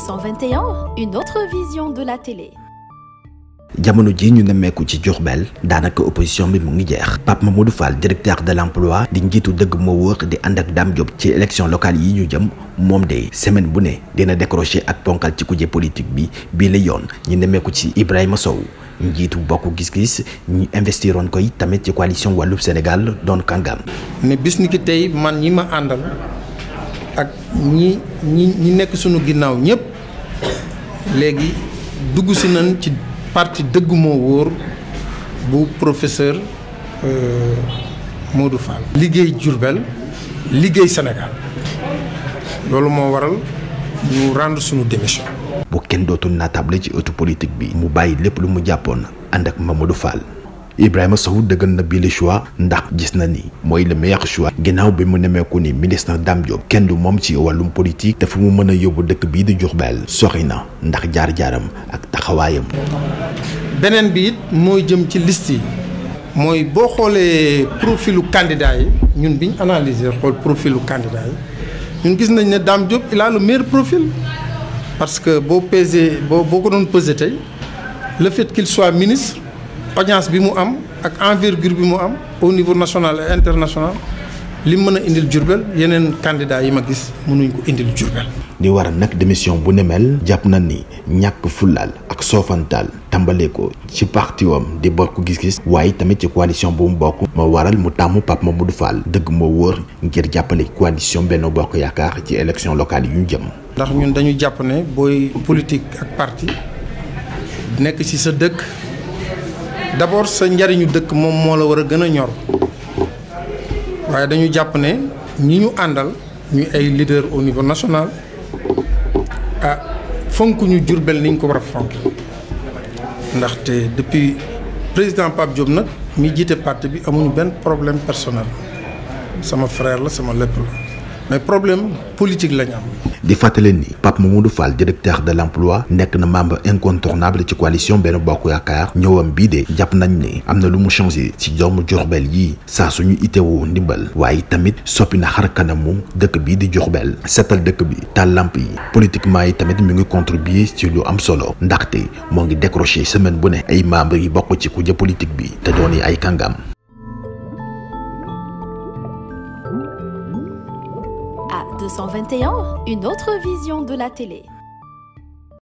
221 une autre vision de la télé. jamono ji ñu nemmeeku ci Diourbel daanaka opposition bi mu ngi jeex Pape Mamadou Fall directeur de l'emploi di njiitu dëgg moo wër di ànd ak dam job ci élection locale yi ñu jëm moom de semaine bu ne dina décrocher ak ponkal ci kuje politique bi bii la yoon ñu nemmeeku ci Ibrahima Sow njiitu bokk gis-gis ñu investiroon koy tamit ci coalition wàllu Sénégal doon kàngam. mais bis ni ki tey man ñi ma àndal. ak ñi ñi ñi nekk suñu ginnaaw ñëpp léegi dugg si nañ ci parti dëgg moo wóor bu professeur euh, Modou Fall. liggéey jurbel liggéey senegal loolu moo waral ñu rendre suñu démission. bu kenn dootul naatable ci auto politique bi. mu bàyyi lépp lu mu jàppoon ànd ak Mamadou Fall. Ibrahima Sow dëggal na bii le ndax gis na ni mooy le meilleur choix ginnaaw bi mu nemeeku ni ministre Dame Diop kenn du moom ci wàllum politique dafa mu mën a yóbbu dëkk bii di Diourbel sori na ndax jaar-jaaram ak taxawaayam. beneen bi it mooy jëm ci list yi. mooy boo xoolee profilu candidat yi ñun biñ analyser xool profilu candidat yi ñun gis nañ ne Dame Diop il a le profil parce que boo pesé boo boo ko doon pesé tey le fait qu'il soit ministre. audience bi mu am ak envergure bi mu am au niveau national et international li mën a indil Diourbel yeneen candidat yi ma gis mënuñ ko indil Diourbel di waral nag démission bu nemel jàpp na ni ñàkk fulaal ak soofantaal tàmbalee ko ci partiwam di bokk gis-gis waaye tamit ci coalition bu mu bokk moo waral mu tàmm Pape Mamadou Fall dëgg moo wóor ngir jàppale coalition benn Bokk Yaakaar ci élection locale yu ñu jëm ndax ñun dañu jàpp ne booy politique ak parti nekk ci sa dëkk d'abord sa njariñu dëkk moom moo la war a gën a ñor waaye dañu jàpp ne ñi ñu àndal ñu ay leader au niveau national ah fonk ñu Jurbel ni ñu ko war a fonk ndaxte depuis président Pape Diop nag mi jiite parti bi amuñu benn problème personnel sama frère la sama lépp mais problème politique lañu am di fatale ni Pape Mamadou Fall directeur de l'emploi nek na membre incontournable ci coalition Ben Bokk yakar ñewam bi de japp nañ ni amna lu mu changer ci jom Diourbel yi sa suñu wu ndimbal waye tamit soppi na xar kanamu dëkk Jorbel. di Diourbel setal dekk bi ta lamp yi politiquement yi tamit mi ngi contribuer ci lu am solo ndaxte mo ngi décroché semaine bu ne ay membres yi bokku ci politique bi te doon ay à 221, une autre vision de la télé.